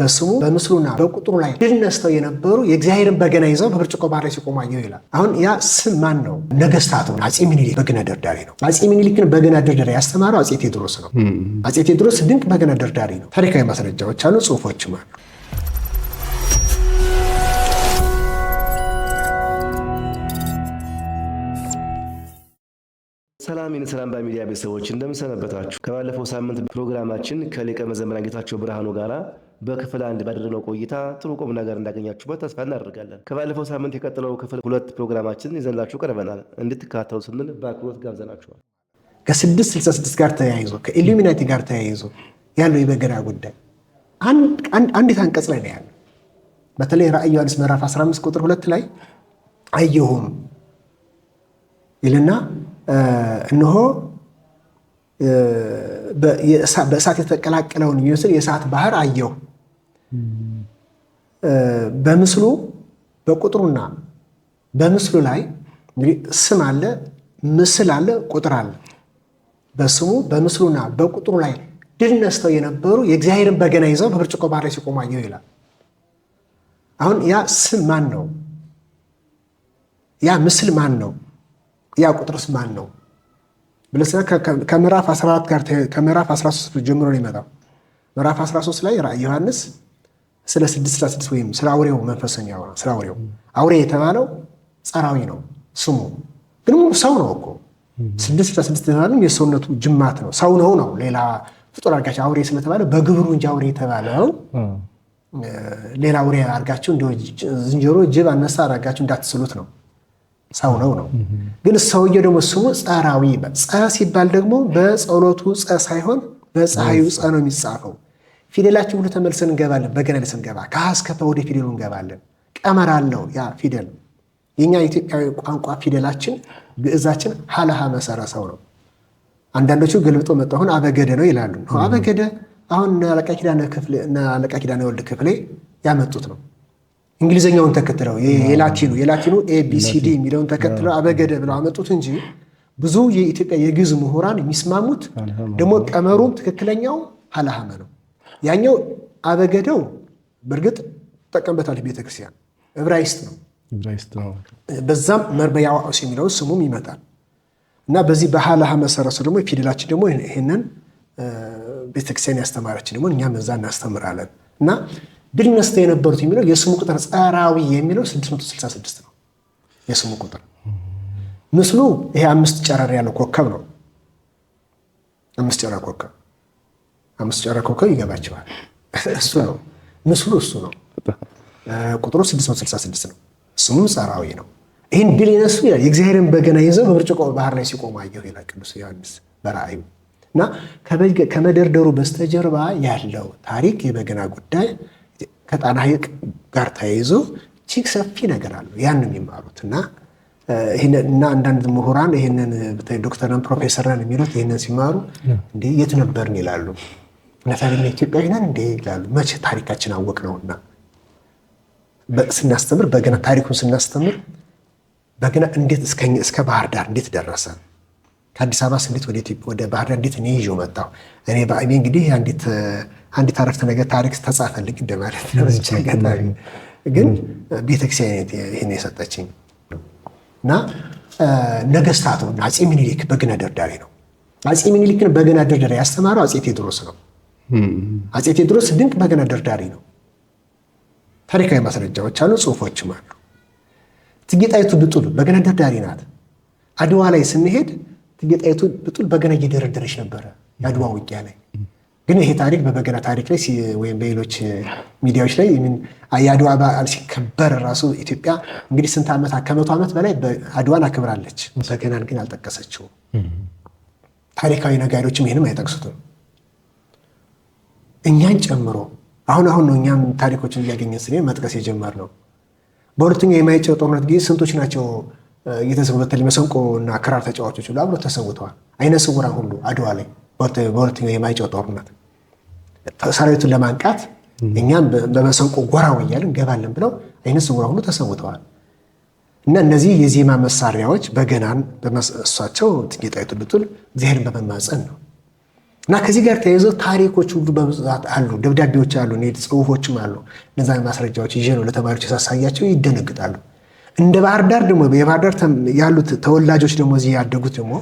በስሙ በምስሉና በቁጥሩ ላይ ድል ነስተው የነበሩ የእግዚአብሔርን በገና ይዘው በብርጭቆ ባህር ላይ ሲቆሙ አየሁ ይላል። አሁን ያ ስም ማን ነው? ነገስታቱ አፄ ሚኒሊክ በገና ደርዳሪ ነው። አጼ ሚኒሊክን በገና ደርዳሪ ያስተማረው አፄ ቴዎድሮስ ነው። አፄ ቴዎድሮስ ድንቅ በገና ደርዳሪ ነው። ታሪካዊ ማስረጃዎች አሉ፣ ጽሁፎችም አሉ። ሰላም ይህን ሰላም በሚዲያ ቤተሰቦች እንደምንሰነበታችሁ። ከባለፈው ሳምንት ፕሮግራማችን ከሊቀ መዘምራን ጌታቸው ብርሃኑ ጋራ በክፍል አንድ ባደረግነው ቆይታ ጥሩ ቁም ነገር እንዳገኛችሁበት ተስፋ እናደርጋለን። ከባለፈው ሳምንት የቀጥለው ክፍል ሁለት ፕሮግራማችን ይዘንላችሁ ቀርበናል። እንድትከታተሉ ስንል በአክብሮት ጋብዘናችኋል። ከ666 ጋር ተያይዞ ከኢሉሚናቲ ጋር ተያይዞ ያለው የበገና ጉዳይ አንዲት አንቀጽ ላይ ነው ያለው። በተለይ ራእይ ዮሐንስ ምዕራፍ 15 ቁጥር ሁለት ላይ አየሁም ይልና እነሆ በእሳት የተቀላቀለውን የሚመስል የእሳት ባህር አየሁ በምስሉ በቁጥሩና በምስሉ ላይ እንግዲህ ስም አለ፣ ምስል አለ፣ ቁጥር አለ። በስሙ በምስሉና በቁጥሩ ላይ ድል ነስተው የነበሩ የእግዚአብሔርን በገና ይዘው በብርጭቆ ባህር ላይ ሲቆሙ አየሁ ይላል። አሁን ያ ስም ማን ነው? ያ ምስል ማን ነው? ያ ቁጥርስ ማን ነው? ብለስና ከምዕራፍ 14 ጋር ከምዕራፍ 13 ጀምሮ ነው ይመጣው። ምዕራፍ 13 ላይ ራ ዮሐንስ ስለ ስድስት ወይም ስለ አውሬው መንፈስ ነው ያወራ። ስለ አውሬው አውሬ የተባለው ጸራዊ ነው ስሙ፣ ግን ሙሉ ሰው ነው እኮ ስድስት የተባለው የሰውነቱ ጅማት ነው ሰው ነው ነው ሌላ ፍጡር አድርጋቸው አውሬ ስለተባለ በግብሩ እንጂ አውሬ የተባለው ሌላ አውሬ አድርጋቸው እንደ ዝንጀሮ፣ ጅብ፣ አነሳ አድርጋቸው እንዳትስሉት ነው ሰው ነው ነው። ግን ሰውዬው ደግሞ ስሙ ጸራዊ ይባል። ጸ ሲባል ደግሞ በጸሎቱ ጸ ሳይሆን በፀሐዩ ጸ ነው የሚጻፈው ፊደላችን ሁሉ ተመልሰን እንገባለን። በገና ላይ ስንገባ ወደ ፊደሉ እንገባለን። ቀመር አለው ያ ፊደል። የኛ የኢትዮጵያዊ ቋንቋ ፊደላችን ግዕዛችን ሀለሃ መሰረሰው ነው። አንዳንዶቹ ገልብጦ መጣሁን አበገደ ነው ይላሉ። አበገደ አሁን አለቃ ኪዳነ ወልድ ክፍሌ ያመጡት ነው። እንግሊዝኛውን ተከትለው የላቲኑ የላቲኑ ኤቢሲዲ የሚለውን ተከትለው አበገደ ብለው አመጡት እንጂ ብዙ የኢትዮጵያ የግዕዝ ምሁራን የሚስማሙት ደግሞ ቀመሩም ትክክለኛው ሀለሃመ ነው። ያኛው አበገደው በእርግጥ ትጠቀምበታለች ቤተክርስቲያን ዕብራይስጥ ነው። በዛም መርበያዋስ የሚለው ስሙም ይመጣል እና በዚህ በሀላሃ መሰረቱ ደግሞ ፊደላችን ደግሞ ይህንን ቤተክርስቲያን ያስተማረችን ደግሞ እኛም እዛ እናስተምራለን እና ድል ነስተ የነበሩት የሚለው የስሙ ቁጥር ጸራዊ የሚለው 666 ነው። የስሙ ቁጥር ምስሉ ይሄ አምስት ጨረር ያለው ኮከብ ነው። አምስት ጨረር ኮከብ አምስት ጨረ ኮከብ ይገባቸዋል። እሱ ነው ምስሉ፣ እሱ ነው ቁጥሩ 666 ነው። እሱም ጸራዊ ነው። ይህን ድል የነሱ ይላል የእግዚአብሔርን በገና ይዘው በብርጭቆ ባህር ላይ ሲቆሙ አየሁ ይላል ቅዱስ ዮሐንስ በራእዩ እና ከመደርደሩ በስተጀርባ ያለው ታሪክ የበገና ጉዳይ ከጣና ሐይቅ ጋር ተያይዞ እጅግ ሰፊ ነገር አለው። ያን የሚማሩት እና እና አንዳንድ ምሁራን ይህንን ዶክተርን ፕሮፌሰርን የሚሉት ይህንን ሲማሩ እንዴ የት ነበርን ይላሉ። ነታንኛ ኢትዮጵያዊ ነን እንዴ ይላሉ። መቼ ታሪካችን አወቅ ነውና ስናስተምር በገና ታሪኩን ስናስተምር በገና እንዴት እስከ ባህር ዳር እንዴት ደረሰ ከአዲስ አበባ እንዴት ወደ ኢትዮጵያ ወደ ባህር ዳር እንዴት እኔ ይዤ መጣሁ። እኔ በአይኔ እንግዲህ አንዲት አረፍተ ነገር ታሪክ ተጻፈልኝ እንደማለት ነው። በዚች አጋጣሚ ግን ቤተክርስቲያን ይህን የሰጠችኝ እና ነገስታቱ አፄ ሚኒሊክ በገና ደርዳሬ ነው። አፄ ሚኒሊክን በገና ደርዳሬ ያስተማረው አፄ ቴዎድሮስ ነው። አፄ ቴዎድሮስ ድንቅ በገና ደርዳሪ ነው። ታሪካዊ ማስረጃዎች አሉ፣ ጽሁፎችም አሉ። እቴጌ ጣይቱ ብጡል በገና ደርዳሪ ናት። አድዋ ላይ ስንሄድ እቴጌ ጣይቱ ብጡል በገና እየደረደረች ነበረ የአድዋ ውጊያ ላይ። ግን ይሄ ታሪክ በበገና ታሪክ ላይ ወይም በሌሎች ሚዲያዎች ላይ የአድዋ በዓል ሲከበር ራሱ ኢትዮጵያ እንግዲህ ስንት ዓመት ከመቶ ዓመት በላይ አድዋን አክብራለች። በገናን ግን አልጠቀሰችውም። ታሪካዊ ነጋሪዎችም ይህንም አይጠቅሱትም። እኛን ጨምሮ አሁን አሁን ነው እኛም ታሪኮችን እያገኘ ስ መጥቀስ የጀመር ነው። በሁለተኛው የማይጨው ጦርነት ጊዜ ስንቶች ናቸው እየተሰዉ በተለይ መሰንቆ እና ክራር ተጫዋቾች ሁሉ አብሮ ተሰውተዋል። አይነ ስውራን ሁሉ አድዋ ላይ በሁለተኛው የማይጨው ጦርነት ሰራዊቱን ለማንቃት እኛም በመሰንቆ ጎራ ወያል እንገባለን ብለው አይነ ስውራ ሁሉ ተሰውተዋል። እና እነዚህ የዜማ መሳሪያዎች በገናን በመሳቸው ጥቂጣ ይትሉትን እግዚአብሔርን በመማፀን ነው እና ከዚህ ጋር ተያይዘው ታሪኮች ሁሉ በብዛት አሉ፣ ደብዳቤዎች አሉ፣ ጽሁፎችም አሉ። እነዛ ማስረጃዎች ይዤ ነው ለተማሪዎች ሳሳያቸው ይደነግጣሉ። እንደ ባህር ዳር ደግሞ የባህር ዳር ያሉት ተወላጆች ደግሞ እዚህ ያደጉት ደግሞ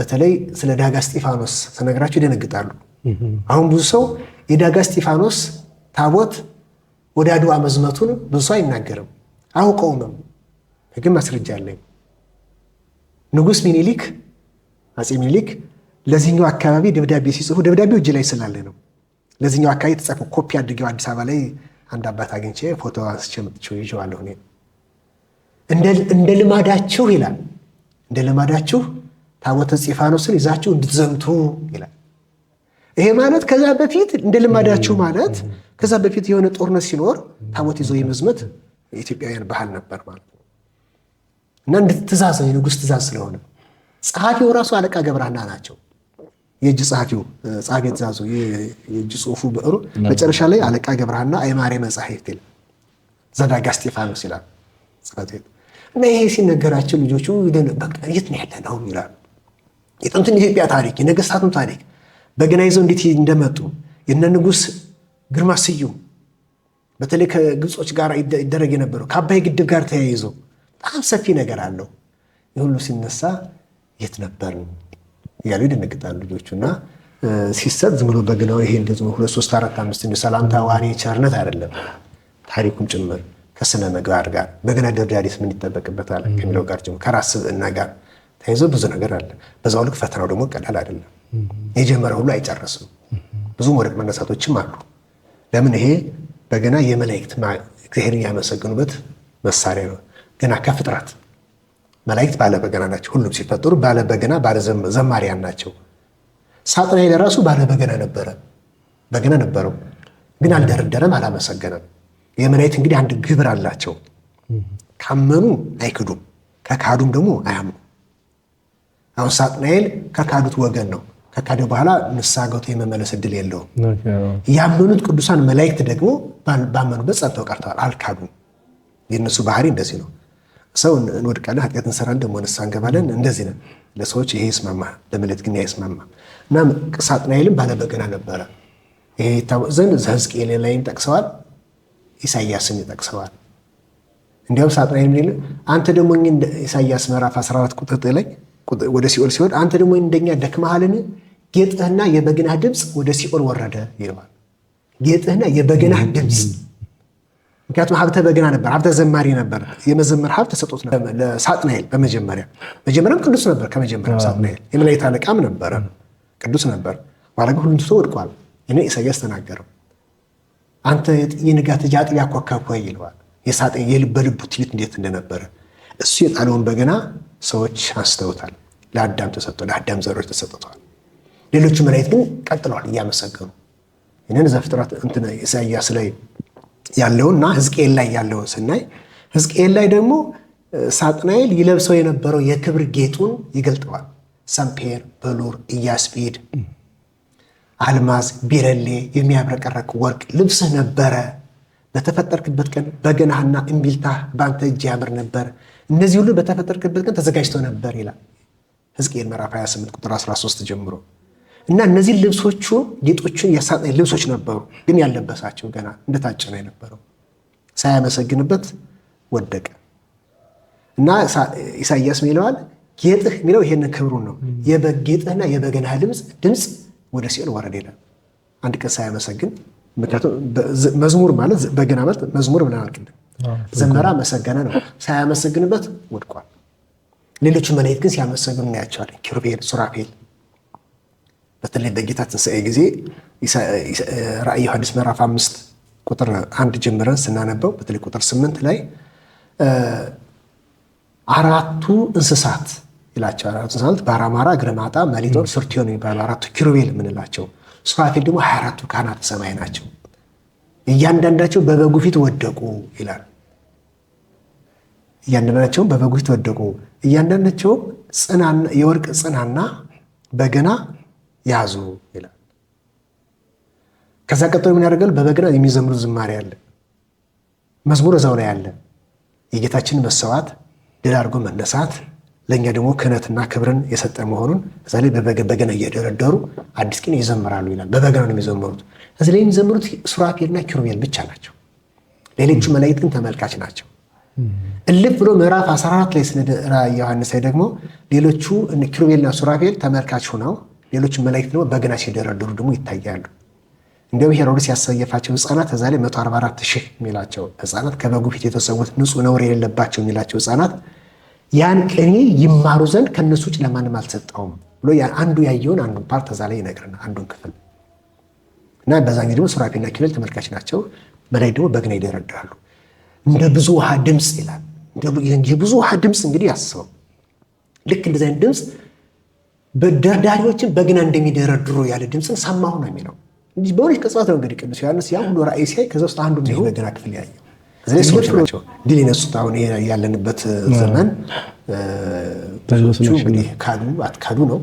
በተለይ ስለ ዳጋ እስጢፋኖስ ስነግራቸው ይደነግጣሉ። አሁን ብዙ ሰው የዳጋ እስጢፋኖስ ታቦት ወደ አድዋ መዝመቱን ብዙ ሰው አይናገርም፣ አውቀውምም። ግን ማስረጃ አለኝ። ንጉስ ሚኒሊክ አጼ ሚኒሊክ ለዚህኛው አካባቢ ደብዳቤ ሲጽፉ ደብዳቤው እጅ ላይ ስላለ ነው። ለዚህኛው አካባቢ የተጻፈ ኮፒ አድርገው አዲስ አበባ ላይ አንድ አባት አግኝቼ ፎቶ አንስቼ መጥቼው ይዤዋለሁ። እንደ ልማዳችሁ ይላል፣ እንደ ልማዳችሁ ታቦተ እስጢፋኖስን ይዛችሁ እንድትዘምቱ ይላል። ይሄ ማለት ከዛ በፊት እንደ ልማዳችሁ ማለት ከዛ በፊት የሆነ ጦርነት ሲኖር ታቦት ይዞ የመዝመት የኢትዮጵያውያን ባህል ነበር ማለት ነው። እና እንድትዛዝ የንጉሥ ትእዛዝ ስለሆነ ጸሐፊው ራሱ አለቃ ገብረሃና ናቸው። የእጅ ጸሐፊው ጸሐፊ ትእዛዙ የእጅ ጽሑፉ ብዕሩ መጨረሻ ላይ አለቃ ገብረሃና አይማሬ መጽሐፍት ይል ዘዳጋ እስጢፋኖስ ይላል እና ይሄ ሲነገራቸው ልጆቹ የት ነው ያለ ነው ይላሉ። የጥንቱን ኢትዮጵያ ታሪክ የነገስታቱን ታሪክ በገና ይዘው እንዴት እንደመጡ የነ ንጉስ ግርማ ስዩም በተለይ ከግብጾች ጋር ይደረግ የነበረው ከአባይ ግድብ ጋር ተያይዞ በጣም ሰፊ ነገር አለው። የሁሉ ሲነሳ የት ነበር እያሉ ይደነግጣሉ ልጆቹ እና ሲሰጥ ዝም ብሎ በግናው ይሄ እንደ ዝም ሁለት ሶስት አራት አምስት እንደ ሰላምታ ዋሪ ቸርነት አይደለም፣ ታሪኩም ጭምር ከስነ ምግባር ጋር በገና ደብዳቤስ ምን ይጠበቅበታል ከሚለው ጋር ጭምር ከራስ ስብዕና ጋር ተይዞ ብዙ ነገር አለ። በዛው ልክ ፈተናው ደግሞ ቀላል አይደለም። የጀመረ ሁሉ አይጨረስም። ብዙ ወደቅ መነሳቶችም አሉ። ለምን ይሄ በገና የመላእክት እግዚአብሔርን ያመሰግኑበት መሳሪያ ነው ገና ከፍጥረት መላእክት ባለበገና ናቸው። ሁሉም ሲፈጠሩ ባለበገና ባለዘማሪያን ናቸው። ሳጥናኤል ራሱ ባለበገና ነበረ፣ በገና ነበረው፣ ግን አልደረደረም፣ አላመሰገነም። የመላእክት እንግዲህ አንድ ግብር አላቸው። ካመኑ አይክዱም፣ ከካዱም ደግሞ አያምኑ። አሁን ሳጥናኤል ከካዱት ወገን ነው። ከካደ በኋላ ንስሐ ገብቶ የመመለስ እድል የለውም። ያመኑት ቅዱሳን መላእክት ደግሞ ባመኑበት ጸጥተው ቀርተዋል፣ አልካዱም። የእነሱ ባህሪ እንደዚህ ነው። ሰው እንወድቃለን፣ ኃጢአት እንሰራለን፣ ደግሞ ንስሐ እንገባለን። እንደዚህ ነን። ለሰዎች ይሄ ይስማማ፣ ለመለት ግን አይስማማ እና ሳጥናኤልም ባለበገና ነበረ። ይሄ ይታወቅ ዘንድ ዘሕዝቅኤል ላይም ጠቅሰዋል፣ ኢሳያስን ይጠቅሰዋል። እንዲያውም ሳጥናኤል ምን ይላል? አንተ ደግሞ ኢሳያስ ምዕራፍ 14 ቁጥር ላይ ወደ ሲኦል ሲወድ አንተ ደግሞ እንደኛ ደክመሃልን፣ ጌጥህና የበገናህ ድምፅ ወደ ሲኦል ወረደ ይለዋል። ጌጥህና የበገናህ ድምፅ ምክንያቱም ሀብተ በገና ነበር፣ ሀብተ ዘማሪ ነበር። የመዘመር ሀብት ተሰጦት ነበር ለሳጥናኤል። በመጀመሪያ መጀመሪያም ቅዱስ ነበር። ከመጀመሪያ ሳጥናኤል የመላእክት አለቃም ነበረ፣ ቅዱስ ነበር። በኋላ ግን ሁሉን ትቶ ወድቋል። እኔ ኢሳያስ ተናገረው፣ አንተ የንጋት አጥቢያ ኮከብ ሆይ ይለዋል። የሳጥን የልበልቡ ትዕቢት እንዴት እንደነበረ እሱ የጣለውን በገና ሰዎች አንስተውታል። ለአዳም ተሰጥቶ ለአዳም ዘሮች ተሰጥተዋል። ሌሎቹ መላእክት ግን ቀጥለዋል እያመሰገኑ ይህንን ዘፍጥረት ኢሳያስ ላይ ያለውና ህዝቅኤል ላይ ያለውን ስናይ ህዝቅኤል ላይ ደግሞ ሳጥናኤል ይለብሰው የነበረው የክብር ጌጡን ይገልጠዋል። ሰምፔር፣ በሉር፣ ኢያስጲድ፣ አልማዝ፣ ቢረሌ የሚያብረቀረቅ ወርቅ ልብስህ ነበረ። በተፈጠርክበት ቀን በገናህና እምቢልታህ በአንተ እጅ ያምር ነበር። እነዚህ ሁሉ በተፈጠርክበት ቀን ተዘጋጅተው ነበር ይላል ህዝቅኤል ምዕራፍ 28 ቁጥር 13 ጀምሮ እና እነዚህ ልብሶቹ ጌጦቹን ያሳጣኝ ልብሶች ነበሩ፣ ግን ያለበሳቸው ገና እንደታጨነ የነበረው ሳያመሰግንበት ወደቀ። እና ኢሳያስ ሚለዋል ጌጥህ የሚለው ይሄንን ክብሩን ነው። የበግ ጌጥህና የበገናህ ድምፅ ድምፅ ወደ ሲኦል ወረድ ይላል። አንድ ቀን ሳያመሰግን ምክንያቱም መዝሙር ማለት በገና ማለት መዝሙር ምናምን ዘመራ መሰገነ ነው። ሳያመሰግንበት ወድቋል። ሌሎቹ መላእክት ግን ሲያመሰግኑ እናያቸዋለን። ኪሩቤል፣ ሱራፌል በተለይ በጌታ ትንሣኤ ጊዜ ራእይ ዮሐንስ ምዕራፍ አምስት ቁጥር አንድ ጀምረን ስናነበው በተለይ ቁጥር ስምንት ላይ አራቱ እንስሳት ይላቸው አራቱ እንስሳት ባራማራ፣ ግረማጣ መሊጦ ስርቲዮን የሚባሉ አራቱ ኪሩቤል የምንላቸው ሱራፌል ደግሞ ሀያ አራቱ ካህናተ ሰማይ ናቸው። እያንዳንዳቸው በበጉ ፊት ወደቁ ይላል። እያንዳንዳቸውም በበጉ ፊት ወደቁ። እያንዳንዳቸውም የወርቅ ጽናና በገና ያዙ ይላል። ከዛ ቀጥሎ ምን ያደርጋል? በበገና የሚዘምሩ ዝማሬ አለ። መዝሙር እዛው ላይ አለ። የጌታችን መሰዋት ድል አድርጎ መነሳት ለእኛ ደግሞ ክህነትና ክብርን የሰጠ መሆኑን እዛ ላይ በበገና እየደረደሩ አዲስ ቂን ይዘምራሉ ይላል። በበገና ነው የሚዘምሩት። እዚህ ላይ የሚዘምሩት ሱራፌልና ኪሩቤል ብቻ ናቸው። ሌሎቹ መላእክት ግን ተመልካች ናቸው። እልፍ ብሎ ምዕራፍ 14 ላይ ስለ ዮሐንስ ላይ ደግሞ ሌሎቹ ኪሩቤልና ሱራፌል ተመልካች ሁነው ሌሎች መላእክት ደግሞ በገና ሲደረድሩ ደግሞ ይታያሉ። እንዲሁም ሄሮድስ ያሰየፋቸው ህፃናት እዛ ላይ 144 ሺህ የሚላቸው ህፃናት ከበጉ ፊት የተሰዉት ንጹህ ነውር የሌለባቸው የሚላቸው ህፃናት ያን ቅኔ ይማሩ ዘንድ ከነሱ ውጭ ለማንም አልሰጠውም ብሎ አንዱ ያየውን አንዱን ፓርት እዛ ላይ ይነግርና አንዱን ክፍል እና በዛ ጊዜ ደግሞ ሱራፊና ኪሩቤል ተመልካች ናቸው። መላእክት ደግሞ በገና ይደረድራሉ። እንደ ብዙ ውሃ ድምፅ ይላል። የብዙ ውሃ ድምፅ እንግዲህ ያስበው ልክ እንደዚህ አይነት ድምፅ በደርዳሪዎችን በግና እንደሚደረድሩ ያለ ድምፅን ሰማሁ ነው የሚለው። በሆነች ቅጽበት ነው እንግዲህ ቅዱስ ዮሐንስ ያ ሁሉ ራእይ ሲያይ ከዚ ውስጥ አንዱ ሚሆ በግና ክፍል ያየ ሰዎች ናቸው ድል ይነሱት አሁን ያለንበት ዘመን ብዙዎቹ እንግዲህ ካዱ አትካዱ ነው።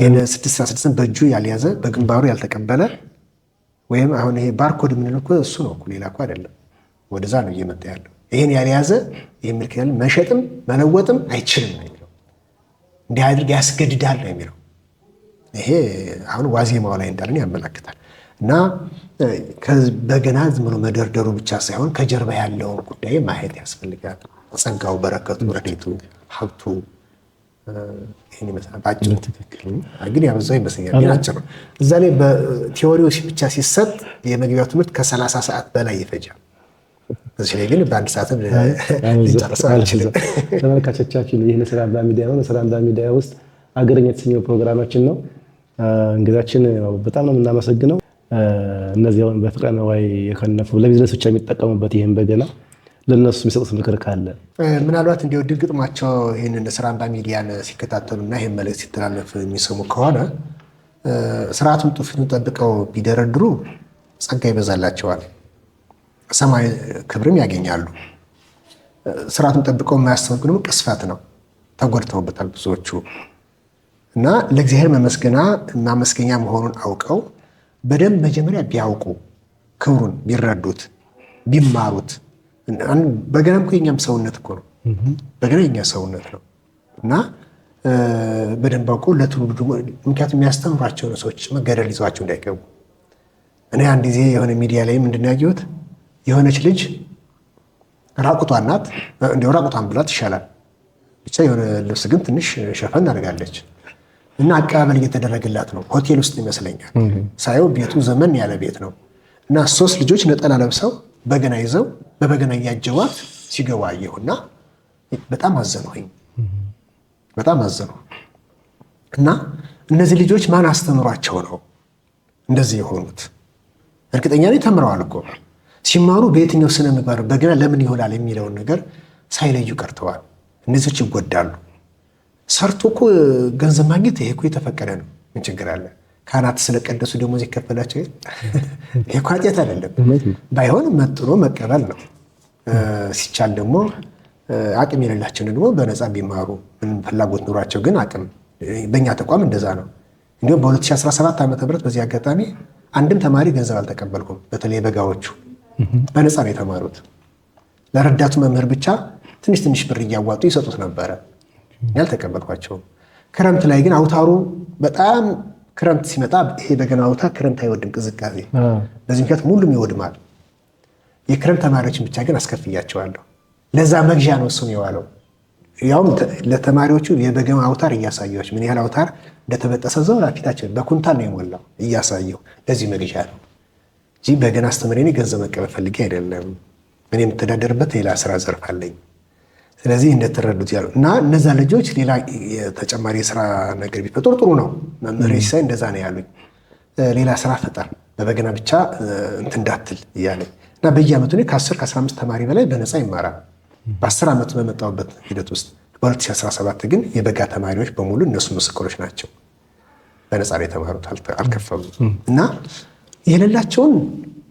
ይህን ስድስት አስራ ስድስትን በእጁ ያልያዘ በግንባሩ ያልተቀበለ ወይም አሁን ይሄ ባርኮድ የምንለው እሱ ነው፣ ሌላ እኮ አይደለም። ወደዛ ነው እየመጣ ያለው። ይህን ያልያዘ ይህ ምልክ ያለ መሸጥም መለወጥም አይችልም። እንዲህ አድርግ ያስገድዳል ነው የሚለው። ይሄ አሁን ዋዜማው ላይ እንዳለን ያመላክታል። እና በገና ዝም ብሎ መደርደሩ ብቻ ሳይሆን ከጀርባ ያለውን ጉዳይ ማየት ያስፈልጋል። ጸጋው፣ በረከቱ፣ ረድኤቱ፣ ሀብቱ ይህን ይመስላል በአጭሩ። ግን ያበዛው ይመስለኛል ግን አጭር ነው። እዛ ላይ በቴዎሪዎች ብቻ ሲሰጥ የመግቢያው ትምህርት ከሰላሳ ሰዓት በላይ ይፈጃል። እዚህ ላይ ግን በአንድ ሰዓትም ሊጨርሰው አልችልም። ተመልካቾቻችን ይህ ሚዲያ ነው። ሚዲያ ውስጥ አገርኛ የተሰኘው ፕሮግራማችን ነው። እንግዳችን በጣም ነው የምናመሰግነው። እነዚያውን በፍቅረ ነዋይ የከነፉ ለቢዝነስ ብቻ የሚጠቀሙበት ይህን በገና ለእነሱ የሚሰጡት ምክር ካለ ምናልባት ድል ግጥማቸው ይህንን ሚዲያን ሲከታተሉና ይህን መልእክት ሲተላለፍ የሚሰሙ ከሆነ ስርዓቱን ጥፍቱን ጠብቀው ቢደረድሩ ጸጋ ይበዛላቸዋል። ሰማይ ክብርም ያገኛሉ። ስርዓቱን ጠብቀው የማያስተወግዱ ደግሞ ቅስፈት ነው። ተጎድተውበታል ብዙዎቹ እና ለእግዚአብሔር መመስገና ማመስገኛ መሆኑን አውቀው በደንብ መጀመሪያ ቢያውቁ ክብሩን ቢረዱት ቢማሩት። በገናም የኛም ሰውነት እኮ ነው። በገና የኛ ሰውነት ነው እና በደንብ አውቀ ለትውልዱ ምክንያቱም የሚያስተምሯቸውን ሰዎች መገደል ይዟቸው እንዳይገቡ እኔ አንድ ጊዜ የሆነ ሚዲያ ላይ ምንድን ያየሁት የሆነች ልጅ ራቁቷን ናት። እንዲያው ራቁቷን ብላት ይሻላል። ብቻ የሆነ ልብስ ግን ትንሽ ሸፈን አድርጋለች እና አቀባበል እየተደረገላት ነው። ሆቴል ውስጥ ይመስለኛል ሳየው፣ ቤቱ ዘመን ያለ ቤት ነው እና ሶስት ልጆች ነጠላ ለብሰው በገና ይዘው በበገና እያጀዋት ሲገባ አየሁና በጣም አዘነኝ፣ በጣም አዘኑ እና እነዚህ ልጆች ማን አስተምሯቸው ነው እንደዚህ የሆኑት? እርግጠኛ ነኝ ተምረዋል እኮ ሲማሩ በየትኛው ስነ ምግባር በገና ለምን ይሆናል የሚለውን ነገር ሳይለዩ ቀርተዋል። እነዚች ይጎዳሉ። ሰርቶ እኮ ገንዘብ ማግኘት ይሄ እኮ የተፈቀደ ነው። ምን ችግር አለ? ካህናት ስለቀደሱ ደግሞ ይከፈላቸው። ይሄ እኮ ኃጢአት አይደለም። ባይሆን መጥኖ መቀበል ነው። ሲቻል ደግሞ አቅም የሌላቸው ደግሞ በነፃ ቢማሩ ፍላጎት ኑሯቸው፣ ግን አቅም በእኛ ተቋም እንደዛ ነው። እንዲሁም በ2017 ዓ ም በዚህ አጋጣሚ አንድም ተማሪ ገንዘብ አልተቀበልኩም። በተለይ በጋዎቹ በነፃ ነው የተማሩት። ለረዳቱ መምህር ብቻ ትንሽ ትንሽ ብር እያዋጡ ይሰጡት ነበረ። ያልተቀበልኳቸውም። ክረምት ላይ ግን አውታሩ በጣም ክረምት ሲመጣ ይሄ በገና አውታር ክረምት አይወድም ቅዝቃዜ። በዚህ ምክንያት ሙሉም ይወድማል። የክረምት ተማሪዎችን ብቻ ግን አስከፍያቸዋለሁ። ለዛ መግዣ ነው እሱም የዋለው። ያውም ለተማሪዎቹ የበገና አውታር እያሳየች ምን ያህል አውታር እንደተበጠሰ ዘው ፊታቸው በኩንታል ነው የሞላው እያሳየው ለዚህ መግዣ ነው። እንጂ በገና አስተምሬ እኔ ገንዘብ መቀበል ፈልጌ አይደለም። እኔ የምተዳደርበት ሌላ ስራ ዘርፍ አለኝ። ስለዚህ እንደተረዱት ያሉ እና እነዛ ልጆች ሌላ ተጨማሪ የስራ ነገር ቢፈጥሩ ጥሩ ነው። መምህሬ ሲሳይ እንደዛ ነው ያሉኝ። ሌላ ስራ ፈጠር፣ በበገና ብቻ እንትን እንዳትል እያለኝ እና በየአመቱ ከ10 ከ15 ተማሪ በላይ በነፃ ይማራል። በ10 በመጣሁበት ሂደት ውስጥ በ2017 ግን የበጋ ተማሪዎች በሙሉ እነሱ ምስክሮች ናቸው። በነፃ ነው የተማሩት፣ አልከፈሉም እና የሌላቸውን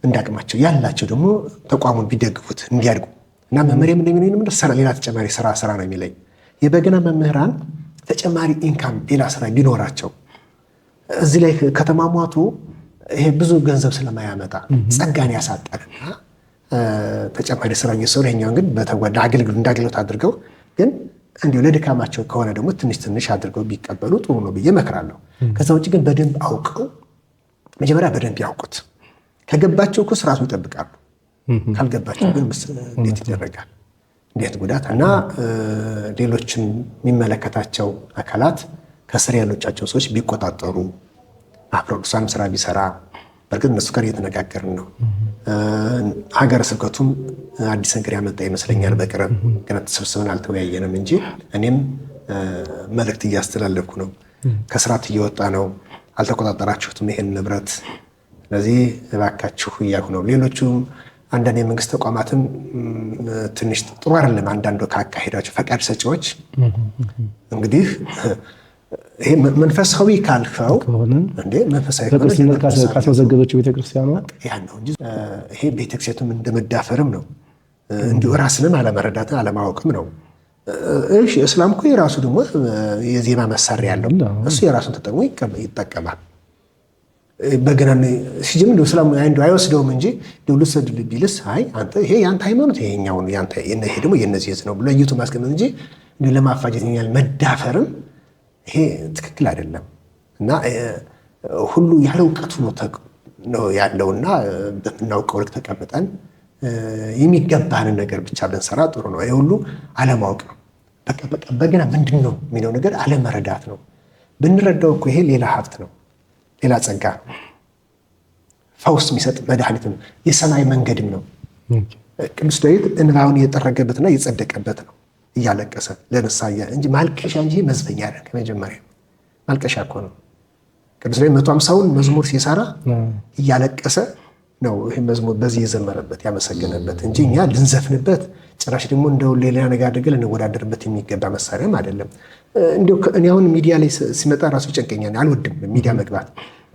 እንዳቅማቸው ያላቸው ደግሞ ተቋሙን ቢደግፉት እንዲያድጉ እና መምህር ምንደሚ ሌላ ተጨማሪ ስራ ስራ ነው የሚለኝ የበገና መምህራን ተጨማሪ ኢንካም ሌላ ስራ ቢኖራቸው እዚህ ላይ ከተማሟቱ ይሄ ብዙ ገንዘብ ስለማያመጣ ጸጋን ያሳጠርና ተጨማሪ ስራ እየሰሩ ይኛውን ግን በተጓዳ አገልግሎት እንዳገልግሎት አድርገው ግን እንዲሁ ለድካማቸው ከሆነ ደግሞ ትንሽ ትንሽ አድርገው ቢቀበሉ ጥሩ ነው ብዬ እመክራለሁ። ከዛ ውጭ ግን በደንብ አውቀው መጀመሪያ በደንብ ያውቁት። ከገባቸው እኮ ስርዓቱን ይጠብቃሉ። ካልገባቸው ግን እንዴት ይደረጋል? እንዴት ጉዳት እና ሌሎችም የሚመለከታቸው አካላት ከስር ያሎቻቸው ሰዎች ቢቆጣጠሩ ማህበረሰብ ስራ ቢሰራ በእርግጥ እነሱ ጋር እየተነጋገርን ነው። ሀገረ ስብከቱም አዲስ ነገር ያመጣ ይመስለኛል። በቅርብ ገና ተሰብስበን አልተወያየንም እንጂ እኔም መልእክት እያስተላለፍኩ ነው። ከስርዓት እየወጣ ነው። አልተቆጣጠራችሁትም ይሄን ንብረት። ስለዚህ እባካችሁ እያልኩ ነው። ሌሎቹም አንዳንድ የመንግስት ተቋማትም ትንሽ ጥሩ አይደለም። አንዳንዱ ካካሄዳቸው ፈቃድ ሰጪዎች እንግዲህ ይሄ መንፈሳዊ ካልከው እንደ መንፈሳዊ ካስመዘገበችው ቤተክርስቲያኗ ያ ነው እንጂ ይሄ ቤተክርስቲያኑም እንደመዳፈርም ነው እንዲሁ ራስንም አለመረዳትን አለማወቅም ነው። እሺ እስላም እኮ የራሱ ደግሞ የዜማ መሳሪያ ያለው እሱ የራሱን ተጠቅሞ ይጠቀማል። በገና ሲጀምር እስላም አንዱ አይወስደውም እንጂ ልውሰድ ቢልስ አይ አንተ ይሄ የአንተ ሃይማኖት ይሄኛው ይሄ ደግሞ የእነዚህ ዝ ነው ብሎ ለይቱ ማስቀመጥ እንጂ ለማፋጀት ኛል መዳፈርም ይሄ ትክክል አይደለም እና ሁሉ ያለ እውቀቱ ነው ያለውና በምናውቀው ልክ ተቀምጠን የሚገባንን ነገር ብቻ ብንሰራ ጥሩ ነው። ይህ ሁሉ አለማወቅ ነው። በቃ በቃ በገና ምንድን ነው የሚለው ነገር አለመረዳት ነው። ብንረዳው እኮ ይሄ ሌላ ሀብት ነው፣ ሌላ ጸጋ ነው፣ ፈውስ የሚሰጥ መድኃኒት ነው፣ የሰማይ መንገድም ነው። ቅዱስ ዳዊት እንባውን እየጠረገበትና እየጸደቀበት ነው እያለቀሰ ለንስሐ እንጂ ማልቀሻ እንጂ መዝፈኛ አይደለም። ከመጀመሪያ ማልቀሻ እኮ ነው። ቅዱስ ዳዊት መቶ ሃምሳውን መዝሙር ሲሰራ እያለቀሰ ነው ይህ መዝሙር በዚህ የዘመረበት ያመሰገነበት እንጂ እኛ ልንዘፍንበት ጭራሽ ደግሞ እንደው ሌላ ነገር አድርገን ልንወዳደርበት የሚገባ መሳሪያም አይደለም። እንዲያው እኔ አሁን ሚዲያ ላይ ሲመጣ ራሱ ይጨንቀኛል። አልወድም ሚዲያ መግባት።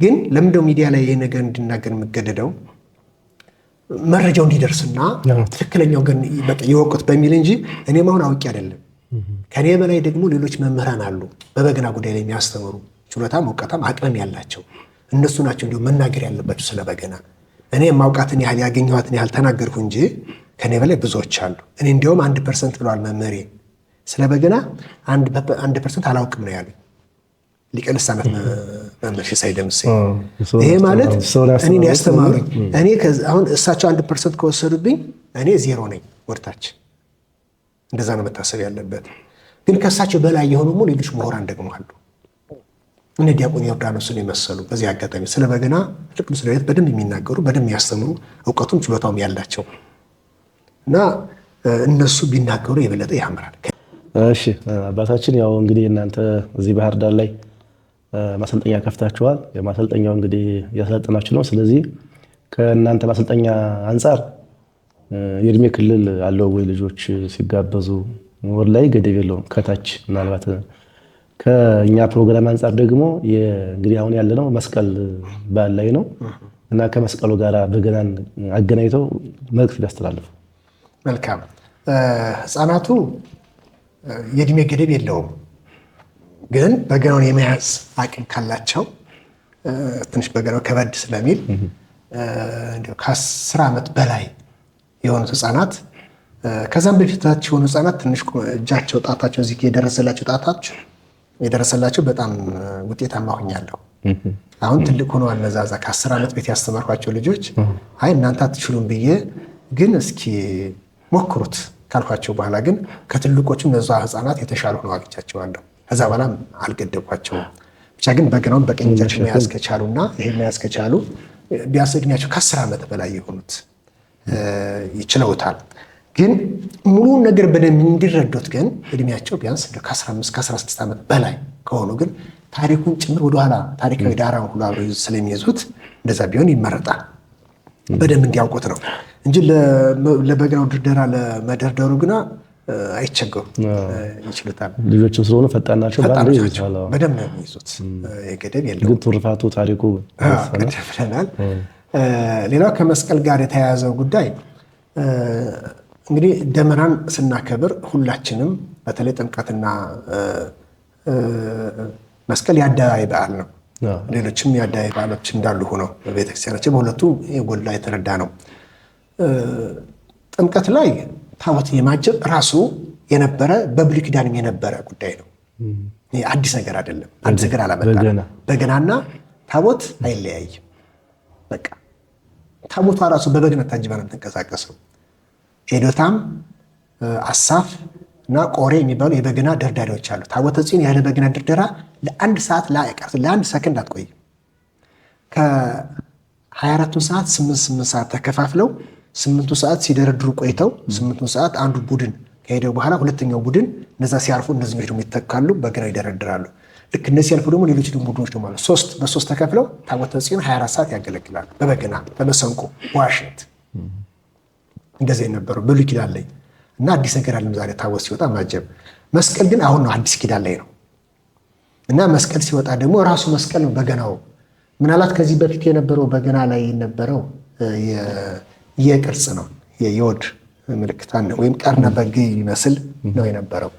ግን ለምንደው ሚዲያ ላይ ይህ ነገር እንድናገር የምገደደው መረጃው እንዲደርስና ትክክለኛው ግን የወቁት በሚል እንጂ እኔም አሁን አውቄ አይደለም። ከኔ በላይ ደግሞ ሌሎች መምህራን አሉ በበገና ጉዳይ ላይ የሚያስተምሩ ችሎታም እውቀታም አቅምም ያላቸው እነሱ ናቸው እንዲሁ መናገር ያለባቸው ስለ በገና እኔ የማውቃትን ያህል ያገኘኋትን ያህል ተናገርኩ እንጂ ከኔ በላይ ብዙዎች አሉ። እኔ እንዲያውም አንድ ፐርሰንት ብለዋል መምህሬ ስለ በገና አንድ ፐርሰንት አላውቅም ነው ያሉ ሊቀ ልሳናት መምህር ሲሳይ ደምሴ። ይሄ ማለት እኔን ያስተማሩኝ። እኔ አሁን እሳቸው አንድ ፐርሰንት ከወሰዱብኝ እኔ ዜሮ ነኝ ወርታች። እንደዛ ነው መታሰብ ያለበት። ግን ከእሳቸው በላይ የሆኑ ሌሎች ምሁራን ደግሞ አሉ። እነ ዲያቆን ዮርዳኖስን የመሰሉ በዚህ አጋጣሚ ስለ በገና ቅዱስ ዳዊት በደንብ የሚናገሩ በደንብ የሚያስተምሩ እውቀቱም ችሎታውም ያላቸው እና እነሱ ቢናገሩ የበለጠ ያምራል። እሺ አባታችን፣ ያው እንግዲህ እናንተ እዚህ ባህር ዳር ላይ ማሰልጠኛ ከፍታችኋል። የማሰልጠኛው እንግዲህ እያሰለጠናችሁ ነው። ስለዚህ ከእናንተ ማሰልጠኛ አንጻር የእድሜ ክልል አለው ወይ? ልጆች ሲጋበዙ ወር ላይ ገደብ የለውም ከታች ምናልባት ከእኛ ፕሮግራም አንጻር ደግሞ እንግዲህ አሁን ያለነው መስቀል በዓል ላይ ነው እና ከመስቀሉ ጋር በገናን አገናኝተው መልዕክት ሊያስተላልፉ። መልካም። ህፃናቱ የእድሜ ገደብ የለውም፣ ግን በገናውን የመያዝ አቅም ካላቸው ትንሽ በገናው ከበድ ስለሚል ከአስር ዓመት በላይ የሆኑት ህፃናት ከዛም በፊታቸው የሆኑ ህፃናት ትንሽ እጃቸው ጣታቸው እዚህ የደረሰላቸው ጣታቸው የደረሰላቸው በጣም ውጤታማ ሆኛለሁ። አሁን ትልቅ ሆኖ አነዛዛ ከአስር ዓመት ቤት ያስተማርኳቸው ልጆች አይ እናንተ አትችሉም ብዬ ግን እስኪ ሞክሩት ካልኳቸው በኋላ ግን ከትልቆቹ እነዛ ህፃናት የተሻለ ሆነው አግኝቻቸዋለሁ። ከዛ በኋላ አልገደብኳቸውም። ብቻ ግን በገናውን በቀኝ እጃቸው መያዝ ከቻሉና ይሄ መያዝ ከቻሉ ቢያንስ እድሜያቸው ከአስር ዓመት በላይ የሆኑት ይችለውታል። ግን ሙሉውን ነገር በደንብ እንዲረዱት ግን እድሜያቸው ቢያንስ ከ15 ከ16 ዓመት በላይ ከሆኑ ግን ታሪኩን ጭምር ወደኋላ ታሪካዊ ዳራን ሁሉ አብረው ስለሚይዙት እንደዛ ቢሆን ይመረጣል። በደንብ እንዲያውቁት ነው እንጂ ለበገናው ድርደራ ለመደርደሩ ግና አይቸገሩም፣ ይችሉታል። ልጆችም ስለሆኑ ፈጣን ናቸው። በደንብ ነው የሚይዙት። የገደብ የለውም። ግን ታሪኩ ብለናል። ሌላው ከመስቀል ጋር የተያያዘው ጉዳይ እንግዲህ ደመራን ስናከብር ሁላችንም በተለይ ጥምቀትና መስቀል የአደባባይ በዓል ነው። ሌሎችም የአደባባይ በዓሎች እንዳሉ ሆነው በቤተክርስቲያናችን በሁለቱ የጎላ የተረዳ ነው። ጥምቀት ላይ ታቦት የማጀብ ራሱ የነበረ በብሉይ ኪዳንም የነበረ ጉዳይ ነው። አዲስ ነገር አይደለም። አዲስ ነገር አላመጣ። በገናና ታቦት አይለያይም። በቃ ታቦቷ ራሱ በበግነት ታጅባ ነው የምትንቀሳቀሰው። ኤዶታም፣ አሳፍ እና ቆሬ የሚባሉ የበገና ደርዳሪዎች አሉ። ታቦተ ጽዮን ያለ በገና ድርደራ ለአንድ ሰዓት ለአንድ ሰከንድ አትቆይም። ከ24ቱ ሰዓት ስምንት ስምንት ሰዓት ተከፋፍለው ስምንቱ ሰዓት ሲደረድሩ ቆይተው ስምንቱ ሰዓት አንዱ ቡድን ከሄደ በኋላ ሁለተኛው ቡድን እነዛ ሲያርፉ እነዚህ ደግሞ ይተካሉ፣ በገና ይደረድራሉ። ልክ እነዚህ ያልፉ ደግሞ ሌሎች ደግሞ ቡድኖች ደግሞ አሉ። ሶስት በሶስት ተከፍለው ታቦተ ጽዮን 24 ሰዓት ያገለግላሉ። በበገና በመሰንቆ ዋሽንት እንደዚህ የነበረው ብሉይ ኪዳን ላይ እና አዲስ ነገር አለም ዛሬ ታቦት ሲወጣ ማጀብ። መስቀል ግን አሁን ነው አዲስ ኪዳን ላይ ነው እና መስቀል ሲወጣ ደግሞ ራሱ መስቀል ነው በገናው። ምናልባት ከዚህ በፊት የነበረው በገና ላይ የነበረው የቅርጽ ነው የወድ ምልክት ወይም ቀርነ በግ ይመስል ነው የነበረው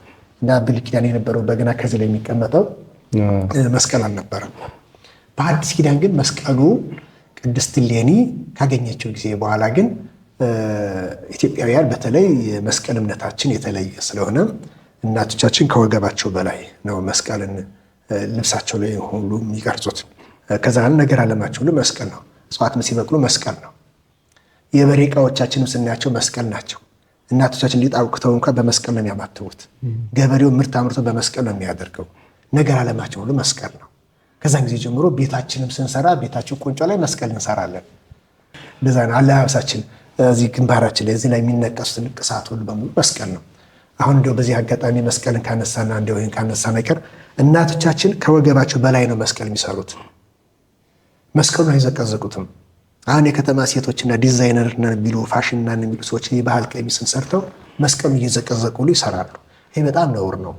እና ብሉይ ኪዳን የነበረው በገና ከዚህ ላይ የሚቀመጠው መስቀል አልነበረም። በአዲስ ኪዳን ግን መስቀሉ ቅድስት ሌኒ ካገኘችው ጊዜ በኋላ ግን ኢትዮጵያውያን በተለይ መስቀል እምነታችን የተለየ ስለሆነ እናቶቻችን ከወገባቸው በላይ ነው መስቀልን ልብሳቸው ላይ ሁሉ የሚቀርጹት። ከዛ ነገር አለማቸው ሁሉ መስቀል ነው። እጽዋትም ሲበቅሉ መስቀል ነው። የበሬ እቃዎቻችንም ስናያቸው መስቀል ናቸው። እናቶቻችን ሊጥ እንኳ በመስቀል ነው የሚያማትቡት። ገበሬው ምርት አምርቶ በመስቀል ነው የሚያደርገው። ነገር አለማቸው ሁሉ መስቀል ነው። ከዛን ጊዜ ጀምሮ ቤታችንም ስንሰራ ቤታችን ቁንጮ ላይ መስቀል እንሰራለን። እንደዛ ነው አለባበሳችን እዚህ ግንባራችን ላይ እዚህ ላይ የሚነቀሱት ንቅሳት ሁሉ በሙሉ መስቀል ነው። አሁን እንደው በዚህ አጋጣሚ መስቀልን ካነሳና እንደ ወይም ካነሳን ነገር እናቶቻችን ከወገባቸው በላይ ነው መስቀል የሚሰሩት። መስቀሉን አይዘቀዘቁትም። አሁን የከተማ ሴቶችና ዲዛይነር ነን የሚሉ ፋሽን ነን የሚሉ ሰዎች የባህል ቀሚስን ሰርተው መስቀሉ እየዘቀዘቁሉ ይሰራሉ። ይህ በጣም ነውር ነው።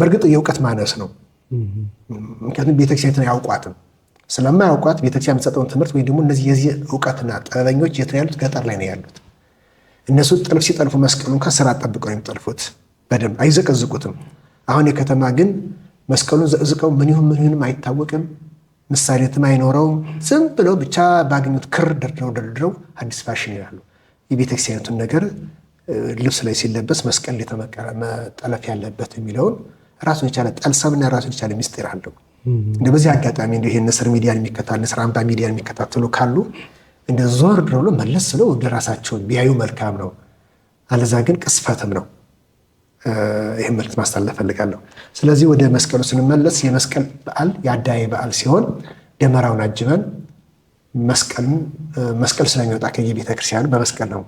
በእርግጥ የእውቀት ማነስ ነው። ምክንያቱም ቤተክርስቲያንን አያውቋትም። ስለማያውቋት ቤተክርስቲያን የምትሰጠውን ትምህርት ወይም ደግሞ እነዚህ የዚህ እውቀትና ጥበበኞች የት ነው ያሉት? ገጠር ላይ ነው ያሉት። እነሱ ጥልፍ ሲጠልፉ መስቀሉ እንኳ ስራ ጠብቀው ነው የሚጠልፉት። በደንብ አይዘቀዝቁትም። አሁን የከተማ ግን መስቀሉን ዘቅዝቀው ምን ይሁን ምን ይሁንም አይታወቅም፣ ምሳሌትም አይኖረውም። ዝም ብለው ብቻ ባገኙት ክር ደርድረው ደርድረው አዲስ ፋሽን ይላሉ። የቤተክርስቲያኒቱን ነገር ልብስ ላይ ሲለበስ መስቀል መጠለፍ ያለበት የሚለውን ራሱን የቻለ ጠልሰምና ራሱን የቻለ ሚስጢር አለው። እንደ በዚህ አጋጣሚ እንደ ይሄን ንስር ሚዲያን የሚከታተሉ ንስር አምባ ሚዲያን የሚከታተሉ ካሉ እንደ ዞር ብሎ መለስ ስለው ወደ ራሳቸው ቢያዩ መልካም ነው። አለዛ ግን ቅስፈትም ነው። ይህን መልዕክት ማስተላለፍ ፈልጋለሁ። ስለዚህ ወደ መስቀሉ ስንመለስ የመስቀል በዓል የአደባባይ በዓል ሲሆን ደመራውን አጅበን መስቀል ስለሚወጣ ከየቤተ ክርስቲያኑ በመስቀል ነው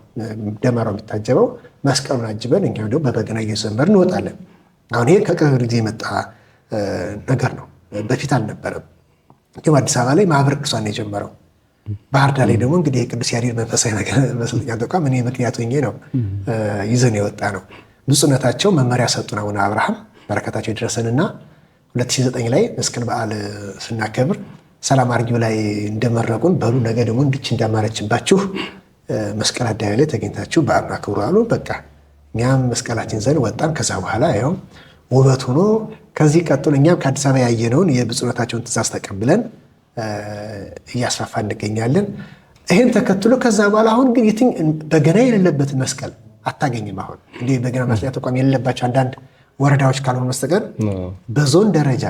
ደመራው የሚታጀበው። መስቀሉን አጅበን እኛ ደግሞ በበገና እየዘመርን እንወጣለን። አሁን ይሄ ከቅርብ ጊዜ የመጣ ነገር ነው። በፊት አልነበረም። ግን አዲስ አበባ ላይ ማህበረ ቅዱሳን የጀመረው። ባህር ዳር ላይ ደግሞ እንግዲህ ቅዱስ ያሬድ መንፈሳዊ ነገር መሰልኛ ተቋም እኔ ምክንያቱ ነው ይዘን የወጣ ነው። ብፁዕነታቸው መመሪያ ሰጡን። አቡነ አብርሃም በረከታቸው የደረሰንና 2009 ላይ መስቀል በዓል ስናከብር ሰላም አርጊው ላይ እንደመረቁን በሉ ነገ ደግሞ እንድች እንዳማረችባችሁ መስቀል አደባባይ ላይ ተገኝታችሁ በዓሉን ክብሩ አሉ። በቃ እኛም መስቀላችን ዘንድ ወጣን። ከዛ በኋላ ውበት ሆኖ ከዚህ ቀጥሎ እኛም ከአዲስ አበባ ያየነውን የብፁዕነታቸውን ትእዛዝ ተቀብለን እያስፋፋ እንገኛለን። ይህን ተከትሎ ከዛ በኋላ አሁን ግን የትኝ በገና የሌለበትን መስቀል አታገኝም። አሁን እንዲህ በገና ማስለያ ተቋም የሌለባቸው አንዳንድ ወረዳዎች ካልሆኑ መስጠቀር በዞን ደረጃ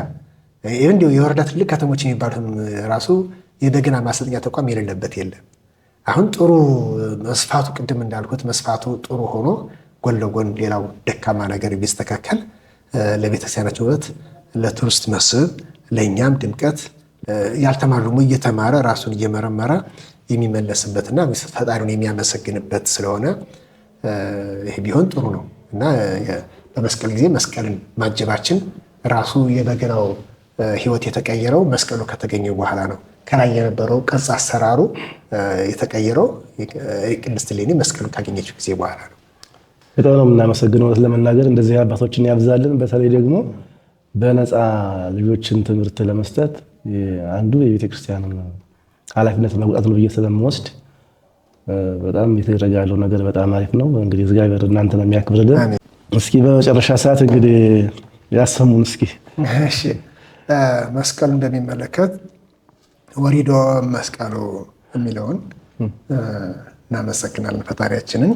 እንዲሁ የወረዳ ትልቅ ከተሞች የሚባሉትም ራሱ የበገና ማሰልጠኛ ተቋም የሌለበት የለም። አሁን ጥሩ መስፋቱ ቅድም እንዳልኩት መስፋቱ ጥሩ ሆኖ ጎን ለጎን ሌላው ደካማ ነገር ቢስተካከል ለቤተክርስቲያናችን ውበት፣ ለቱሪስት መስህብ፣ ለእኛም ድምቀት ያልተማረ ደግሞ እየተማረ ራሱን እየመረመረ የሚመለስበትና ፈጣሪውን የሚያመሰግንበት ስለሆነ ይሄ ቢሆን ጥሩ ነው እና በመስቀል ጊዜ መስቀልን ማጀባችን ራሱ የበገናው ህይወት የተቀየረው መስቀሉ ከተገኘ በኋላ ነው። ከላይ የነበረው ቅርጽ አሰራሩ የተቀየረው ቅድስት መስቀሉ መስቀሉን ካገኘችው ጊዜ በኋላ ነው። በጣም ነው የምናመሰግነው ለመናገር እንደዚህ አባቶችን ያብዛልን። በተለይ ደግሞ በነፃ ልጆችን ትምህርት ለመስጠት አንዱ የቤተክርስቲያን ኃላፊነት መውጣት ነው ብዬ ስለምወስድ በጣም የተደረገ ያለው ነገር በጣም አሪፍ ነው። እንግዲህ እግዚአብሔር እናንተ ነው የሚያክብርልን። እስኪ በመጨረሻ ሰዓት እንግዲህ ያሰሙን እስኪ መስቀሉን በሚመለከት ወሪዶ መስቀሉ የሚለውን እናመሰግናለን ፈጣሪያችንን።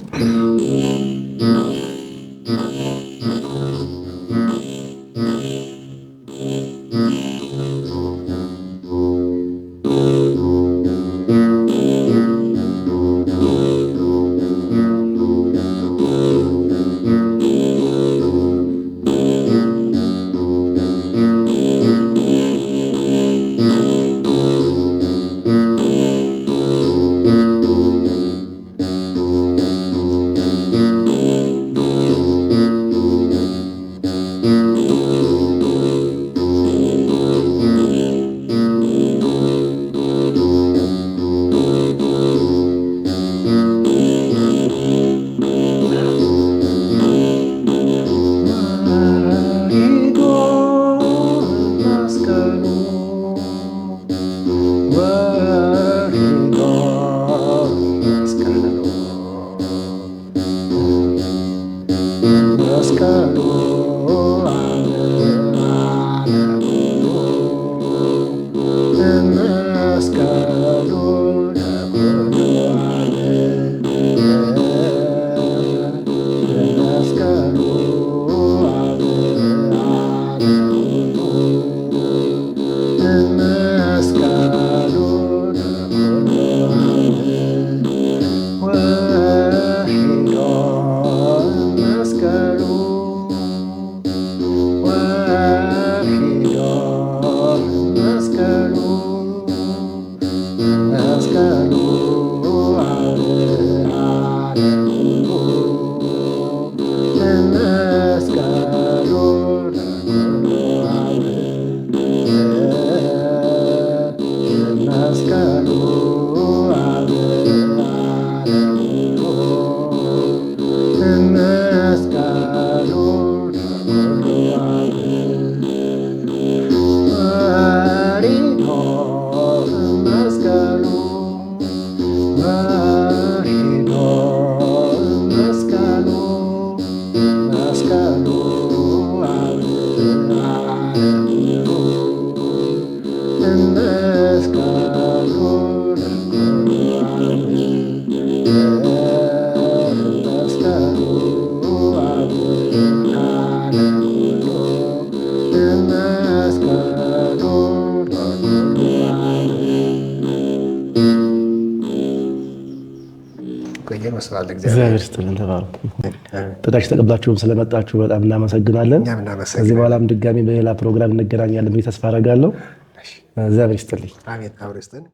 ጥሪያችን ተቀብላችሁም ስለመጣችሁ በጣም እናመሰግናለን። ከዚህ በኋላም ድጋሚ በሌላ ፕሮግራም እንገናኛለን ተስፋ አደርጋለሁ። እግዚአብሔር ይስጥልኝ።